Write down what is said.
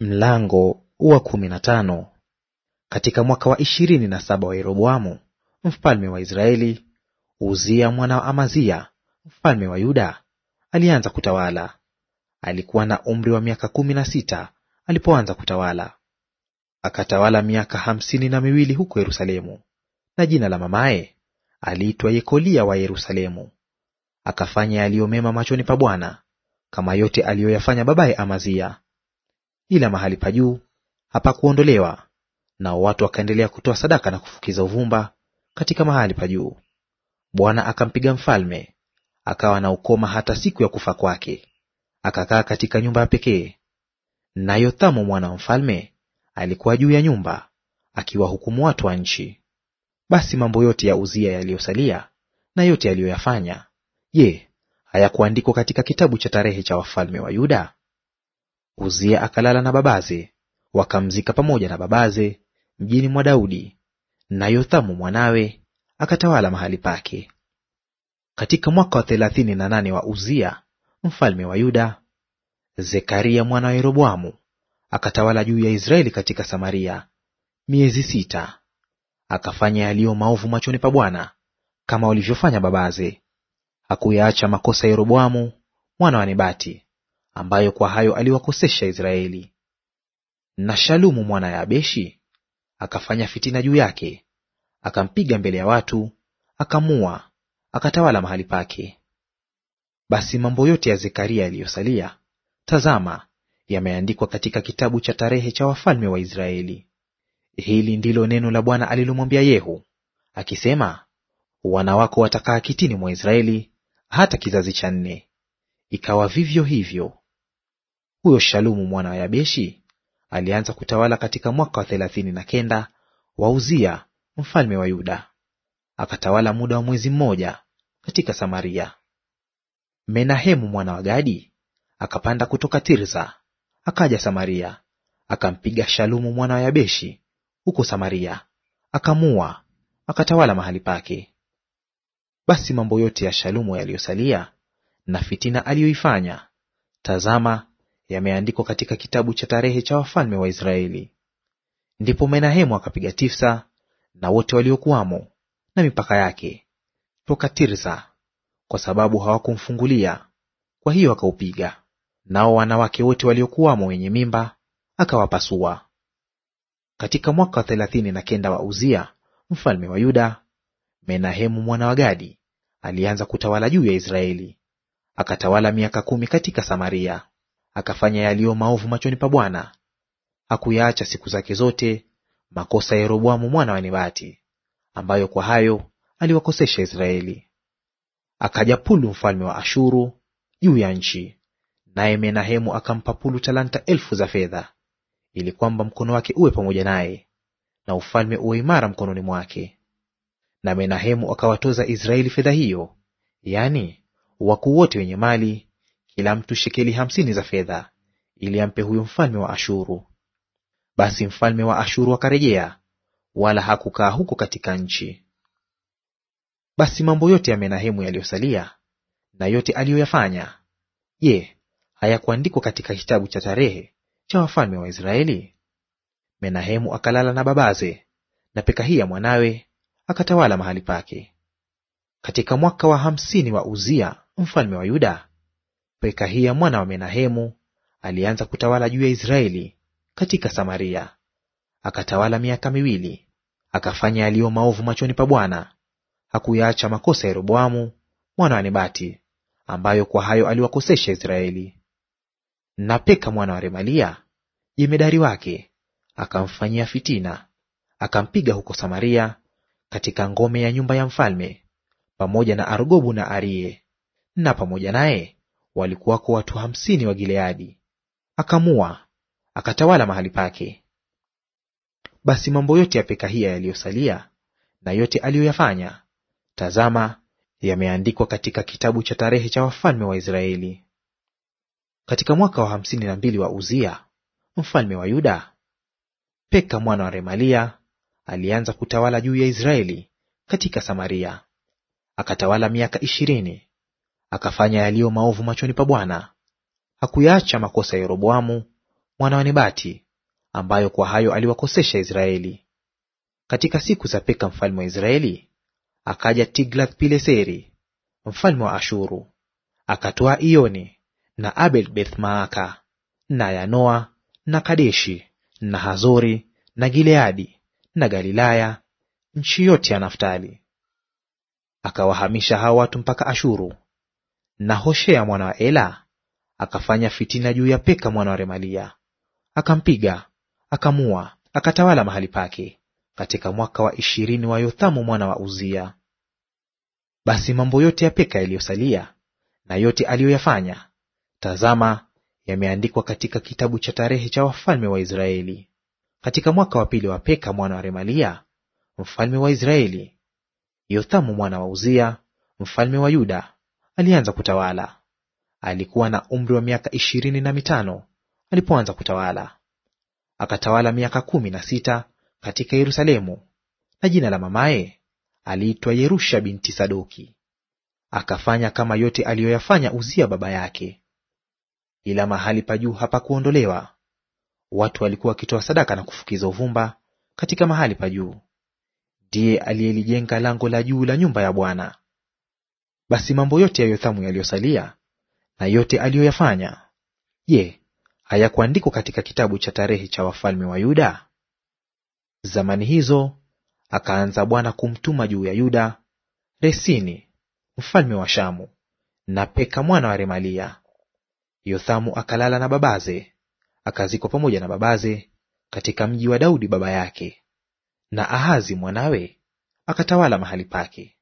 Mlango wa kumi na tano. Katika mwaka wa ishirini na saba wa Yeroboamu mfalme wa Israeli, Uzia mwana wa Amazia mfalme wa Yuda alianza kutawala. Alikuwa na umri wa miaka kumi na sita alipoanza kutawala, akatawala miaka hamsini na miwili huko Yerusalemu, na jina la mamaye aliitwa Yekolia wa Yerusalemu. Akafanya yaliyomema machoni pa Bwana, kama yote aliyoyafanya babaye Amazia ila mahali pa juu hapakuondolewa, nao watu wakaendelea kutoa sadaka na kufukiza uvumba katika mahali pa juu. Bwana akampiga mfalme, akawa na ukoma hata siku ya kufa kwake, akakaa katika nyumba ya pekee. Na Yothamu mwana wa mfalme alikuwa juu ya nyumba akiwahukumu watu wa nchi. Basi mambo yote ya Uzia yaliyosalia na yote aliyoyafanya, je, hayakuandikwa katika kitabu cha tarehe cha wafalme wa Yuda? Uzia akalala na babaze, wakamzika pamoja na babaze mjini mwa Daudi, na Yothamu mwanawe akatawala mahali pake. Katika mwaka wa thelathini na nane wa Uzia mfalme wa Yuda, Zekaria mwana wa Yeroboamu akatawala juu ya Israeli katika Samaria miezi sita. Akafanya yaliyo maovu machoni pa Bwana kama walivyofanya babaze. Hakuyaacha makosa ya Yeroboamu mwana wa Nebati, ambayo kwa hayo aliwakosesha Israeli. Na Shalumu mwana ya Abeshi akafanya fitina juu yake, akampiga mbele ya watu, akamua, akatawala mahali pake. Basi mambo yote ya Zekaria yaliyosalia, tazama, yameandikwa katika kitabu cha tarehe cha wafalme wa Israeli. Hili ndilo neno la Bwana alilomwambia Yehu akisema, wana wako watakaa kitini mwa Israeli hata kizazi cha nne. Ikawa vivyo hivyo huyo Shalumu mwana wa Yabeshi alianza kutawala katika mwaka wa thelathini na kenda wa Uzia mfalme wa Yuda, akatawala muda wa mwezi mmoja katika Samaria. Menahemu mwana wa Gadi akapanda kutoka Tirza akaja Samaria, akampiga Shalumu mwana wa Yabeshi huko Samaria, akamua, akatawala mahali pake. Basi mambo yote ya Shalumu yaliyosalia na fitina aliyoifanya, tazama, yameandikwa katika kitabu cha tarehe cha wafalme wa Israeli. Ndipo Menahemu akapiga Tifsa na wote waliokuwamo na mipaka yake toka Tirsa, kwa sababu hawakumfungulia; kwa hiyo akaupiga. Nao wanawake wote waliokuwamo wenye mimba akawapasua. Katika mwaka wa thelathini na kenda wa Uzia mfalme wa Yuda, Menahemu mwana wa Gadi alianza kutawala juu ya Israeli, akatawala miaka kumi katika Samaria akafanya yaliyo maovu machoni pa Bwana. Hakuyaacha siku zake zote makosa ya Yeroboamu mwana wa Nebati, ambayo kwa hayo aliwakosesha Israeli. Akaja Pulu mfalme wa Ashuru juu ya nchi, naye Menahemu akampa Pulu talanta elfu za fedha, ili kwamba mkono wake uwe pamoja naye na ufalme uwe imara mkononi mwake. Na Menahemu akawatoza Israeli fedha hiyo, yaani wakuu wote wenye mali kila mtu shekeli hamsini za fedha, ili ampe huyo mfalme wa Ashuru. Basi mfalme wa Ashuru akarejea, wala hakukaa huko katika nchi. Basi mambo yote ya Menahemu yaliyosalia na yote aliyoyafanya, je, hayakuandikwa katika kitabu cha tarehe cha wafalme wa Israeli? Menahemu akalala na babaze, na Pekahia mwanawe akatawala mahali pake. Katika mwaka wa hamsini wa Uzia mfalme wa Yuda Pekahia mwana wa Menahemu alianza kutawala juu ya Israeli katika Samaria. Akatawala miaka miwili, akafanya yaliyo maovu machoni pa Bwana. Hakuyaacha makosa ya Yeroboamu mwana wa Nebati, ambayo kwa hayo aliwakosesha Israeli. Na Peka mwana wa Remalia jemedari wake akamfanyia fitina, akampiga huko Samaria katika ngome ya nyumba ya mfalme, pamoja na Argobu na Arie, na pamoja naye walikuwako watu hamsini wa Gileadi. Akamua akatawala mahali pake. Basi mambo yote ya Pekahia yaliyosalia na yote aliyoyafanya, tazama, yameandikwa katika kitabu cha tarehe cha wafalme wa Israeli. Katika mwaka wa hamsini na mbili wa Uzia mfalme wa Yuda, Peka mwana wa Remalia alianza kutawala juu ya Israeli katika Samaria. Akatawala miaka ishirini akafanya yaliyo maovu machoni pa Bwana. Hakuyaacha makosa ya Yeroboamu mwana wa Nebati, ambayo kwa hayo aliwakosesha Israeli. Katika siku za Peka mfalme wa Israeli akaja Tiglath Pileseri mfalme wa Ashuru, akatoa Ioni na Abel Bethmaaka na Yanoa na Kadeshi na Hazori na Gileadi na Galilaya, nchi yote ya Naftali. Akawahamisha hao watu mpaka Ashuru na Hoshea mwana wa Ela akafanya fitina juu ya Peka mwana wa Remalia, akampiga, akamua, akatawala mahali pake, katika mwaka wa ishirini wa Yothamu mwana wa Uzia. Basi mambo yote ya Peka yaliyosalia na yote aliyoyafanya, tazama, yameandikwa katika kitabu cha tarehe cha wafalme wa Israeli. Katika mwaka wa pili wa Peka mwana wa Remalia mfalme wa Israeli, Yothamu mwana wa Uzia mfalme wa Yuda alianza kutawala. Alikuwa na umri wa miaka ishirini na mitano alipoanza kutawala. Akatawala miaka kumi na sita katika Yerusalemu, na jina la mamaye aliitwa Yerusha binti Sadoki. Akafanya kama yote aliyoyafanya Uzia baba yake, ila mahali pa juu hapakuondolewa. Watu walikuwa wakitoa sadaka na kufukiza uvumba katika mahali pa juu. Ndiye aliyelijenga lango la juu la nyumba ya Bwana. Basi mambo yote ya Yothamu yaliyosalia na yote aliyoyafanya, je, hayakuandikwa katika kitabu cha tarehe cha wafalme wa Yuda? Zamani hizo akaanza Bwana kumtuma juu ya Yuda Resini mfalme wa Shamu na Peka mwana wa Remalia. Yothamu akalala na babaze, akazikwa pamoja na babaze katika mji wa Daudi baba yake, na Ahazi mwanawe akatawala mahali pake.